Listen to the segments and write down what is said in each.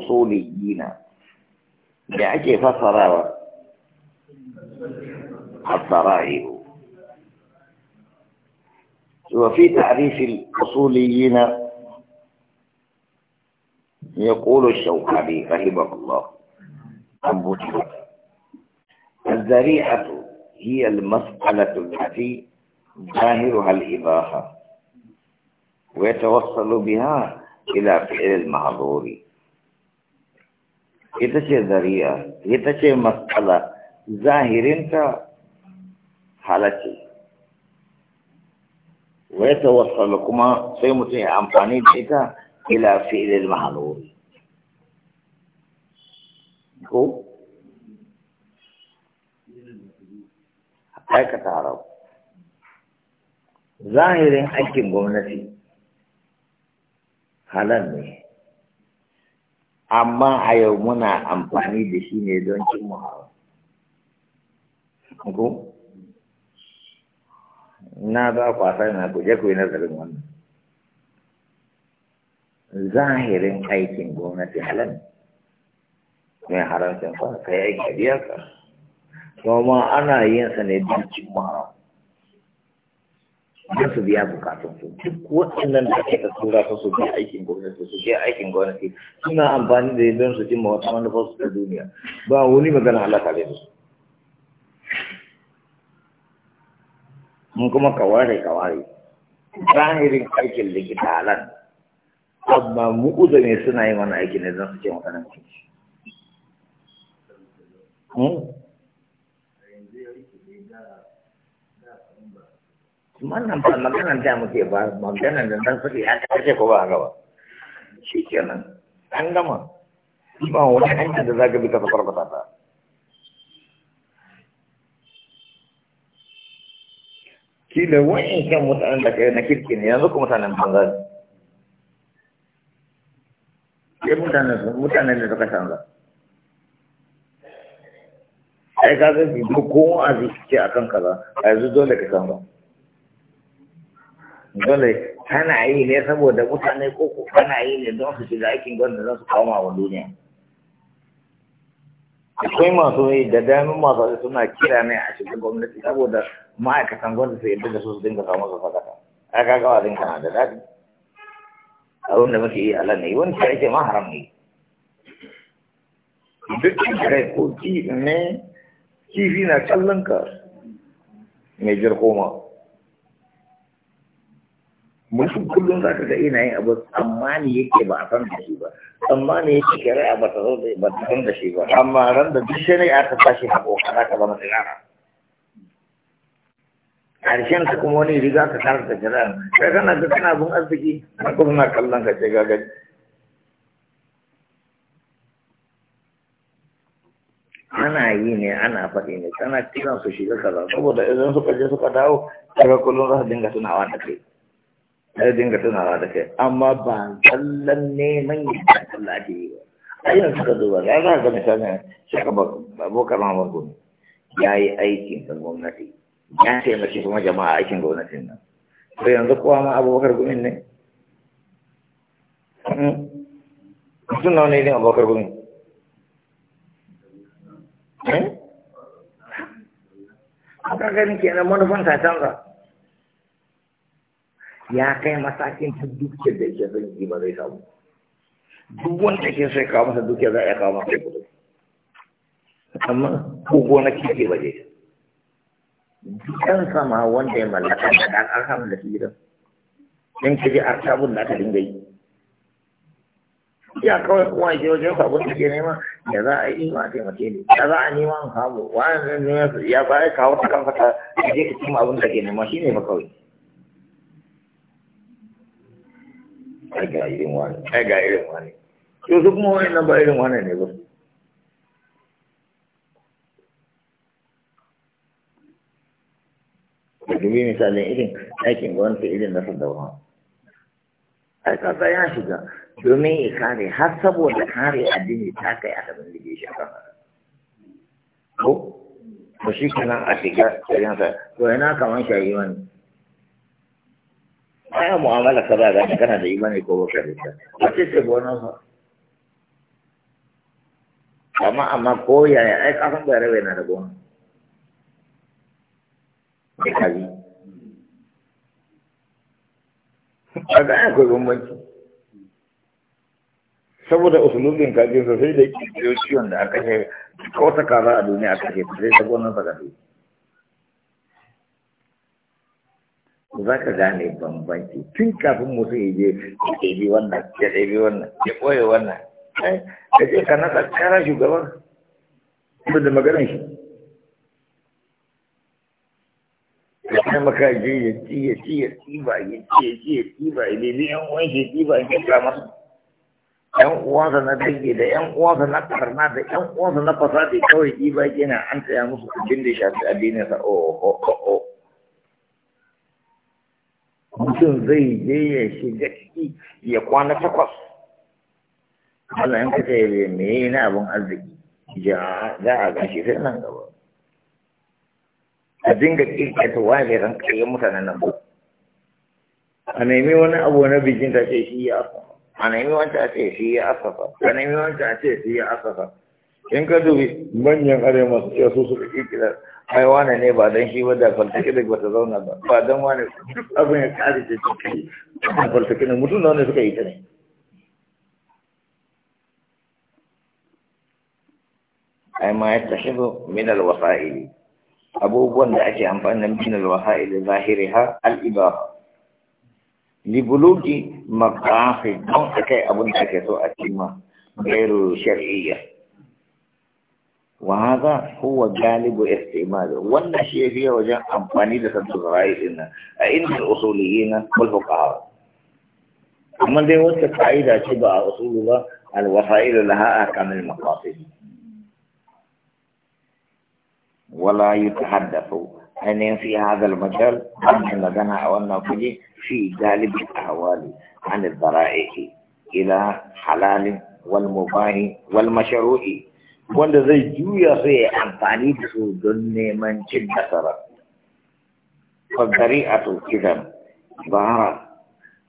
الأصوليين لأجي فصر الضرائب وفي تعريف الأصوليين يقول الشوكبي رحمه الله أبو الذريعة هي المسألة التي ظاهرها الإباحة ويتوصل بها إلى فعل المعذور ita ce zari'a ita ce matsala zahirinta halace wai ta wasala kuma sai mutum ya amfani da ita ila fi'ilil mahalori ko aikata harau zahirin aikin gwamnati halal ne amma a yau muna amfani da shi ne don cin muhawa ko na za ku asa na ku je ku yi nazarin wannan zahirin aikin gwamnati halal mai haramcin fa ka yi aiki a biya ka kuma ana yin sa ne don cin muhawa don su biya su duk waɗannan da ake tura su biya aikin gwamnati su biya aikin gwamnati suna amfani da yadda su cimma wata manufar su ta duniya ba wani magana halaka da su mun kuma kaware kaware zahirin aikin likita halar amma mu ne suna yi mana aikin ne su ce makanan ciki Hmm? wannan ba maganan da muke ba magana da dan suke ya kace ko ba gaba kenan, an gama ba wani hanya da zaka bi ka farbata ta kila wani kan mutanen da kai na kirki ne yanzu ko mutanen banza ne mutanen mutanen da suka canza ai ka kaga ko a zai ce akan kaza a yanzu dole ka canza dole kana yi ne saboda mutane ko koko kana yi ne don su shiga aikin gwamnati don su kama wa duniya akwai masu yi da damin masu suna kira ne a cikin gwamnati saboda ma'aikatan gwamnati su yadda da su su dinga samun su sadaka a kaga wazin kana da daɗi abin da muke yi a yi wani ke ma haram ne duk kare ko ki ne kifi na kallon ka mai jirkoma mutum kullum za ka ga ina yin abu Amma tsammani yake ba a san da shi ba Amma tsammani yake shari'a ba ta ba ta san da shi ba amma ran da duk shi shari'a ta tashi ta kokara ka zama tsirara karshen ka kuma wani riga ka tarar da shari'a kai kana ga kana bin arziki na kuma na kallon ka ce gagari ana yi ne ana faɗi ne kana kiran su shiga kaza saboda idan suka je suka dawo daga kullum za su dinga tunawa da kai sai dinga tunawa da kai amma ba tsallan neman yadda Allah ke yi ba a yin suka zuwa za za ga misali shaka abokan mamar gumi ya yi aikin da gwamnati ya taimaki kuma jama'a aikin gwamnatin nan to yanzu kowa ma abubakar gumi ne sun hmm? nawa ne idan abubakar gumi hmm? haka ganin kenan manufan ta canza ya kai matakin ta dukiyar da ke zan yi ba zai samu duk wanda ke sai kawo masa dukiyar za a kawo masa kudu amma ko gona kike ba je dukkan sama wanda ya mallaka da dan arham samu da gidan dan kaje arsabun da aka dinga yi ya kawai kuma ke wajen sabon da ke nema ya za a yi ma taimake ne ya za a nema in samu wani ya ba ya kawo ta kan fata je ka cimma abin da ke nema shi ne ba kawai ai ga irin wani ai ga irin wani to su kuma wani nan ba irin wani ne ba dubi misalin irin aikin gwamnati irin na sadawa ai kasa ya shiga domin ya kare har saboda kare addini ta kai aka bindige shi kan ko ba shi kana a shiga irinsa to yana kaman shayi wani ai mu'amala ka ba ga kana da imani ko baka da shi wace ce gonan sa amma amma ko yaya ai ka san bare bai na da gona da kaji kaga akwai bambanci saboda usulubin kajin sai da ciwon da aka yi ko ta kaza a duniya aka ce sai duniya za ka gane bambanci tun kafin mutum ya je ya ɗebi wannan ya ɗebi wannan ya ɓoye wannan eh, ya ce ka nasa kara shugaban ba da maganin shi ya kai maka je ya ci ya ci ya ci ba ya ci ya ci ya ci ba ya ɗebi yan uwan shi ya ci ba ya kira masa yan uwansa na dangi da yan uwansa na karna da yan uwansa na da kawai ba kenan an taya musu abin da ya shafi sa o oh, o oh, o oh, o mutum zai je ya shiga ciki ya kwana takwas Allah in ka ce me na abin arziki ja za a gashi sai nan gaba a dinga kirkata wani ran kayan mutanen nan ba a nemi wani abu na bikin ta ce shi ya asafa a nemi wancan ta ce shi ya asafa a nemi wancan ta ce shi ya asafa in ka dubi manyan arewa masu cewa su suka kirkira ai wane ne ba dan shi ba da falsake da bata zauna ba ba dan wane duk abin ya kare ce ta kai da falsake ne mutum na wani suka yi ta ne ai ma ya tashibu min alwasa'ili abubuwan da ake amfani da min alwasa'ili zahiri ha al'iba libuluki makafi don akai abin da ake so a cima gairu shari'iyya وهذا هو جانب استعماله شيء فيه وجه أمفاني لسد الرئيسنا عند الأصوليين والفقهاء أما دي وقت قاعدة شبع أصول الله الوسائل لها أحكام المقاصد ولا يتحدث أن في هذا المجال أن لدينا أولنا فيه في جالب الأهوال عن الضرائح إلى حلال والمباهي والمشروع wanda zai juya su ya amfani da su don neman cin nasara fagari a tokidan bara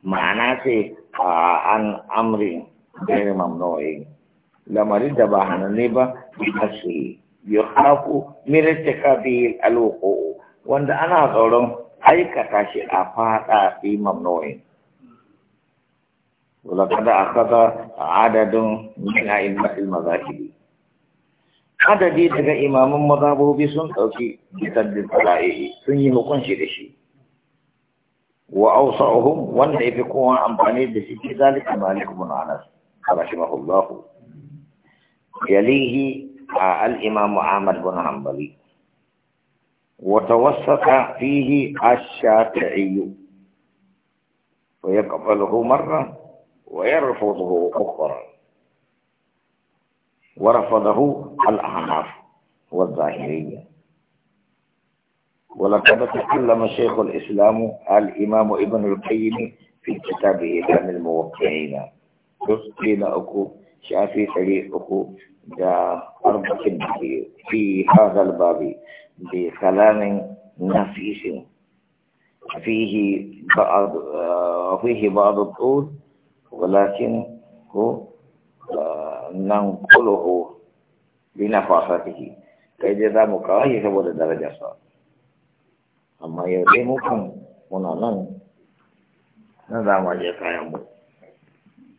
ma'ana ce a an amri gairin mamnoyi Lamari da ba hannunne ba a ce yi haku mirarci kafi alwako wanda ana tsoron aikata shi a fada fi mamnoyi ولقد أخذ عدد من أئمة المذاهب adadi daga imaman mazhabobi sun ɗauki bitaddin fala'ihi sun yi hukunci da shi wa awsa'uhum wanda yafi kowa amfani da shi ke zalika malik ibn anas rahimahullah yalihi al imam ahmad ibn hanbali wa tawassata fihi ash-shafi'i wa yaqbaluhu marra wa yarfuduhu ukhra ورفضه الأحناف والظاهرية ولقد تكلم شيخ الإسلام الإمام ابن القيم في كتابه عن الموقعين تسقين أكو شافي سلي أكو دا أربع في هذا الباب بكلام نفيس فيه بعض فيه بعض الطول ولكن هو nan kuluhu bina fasatihi kai dai za mu kawo saboda darajarsa amma yau dai muna nan na za mu je kayan mu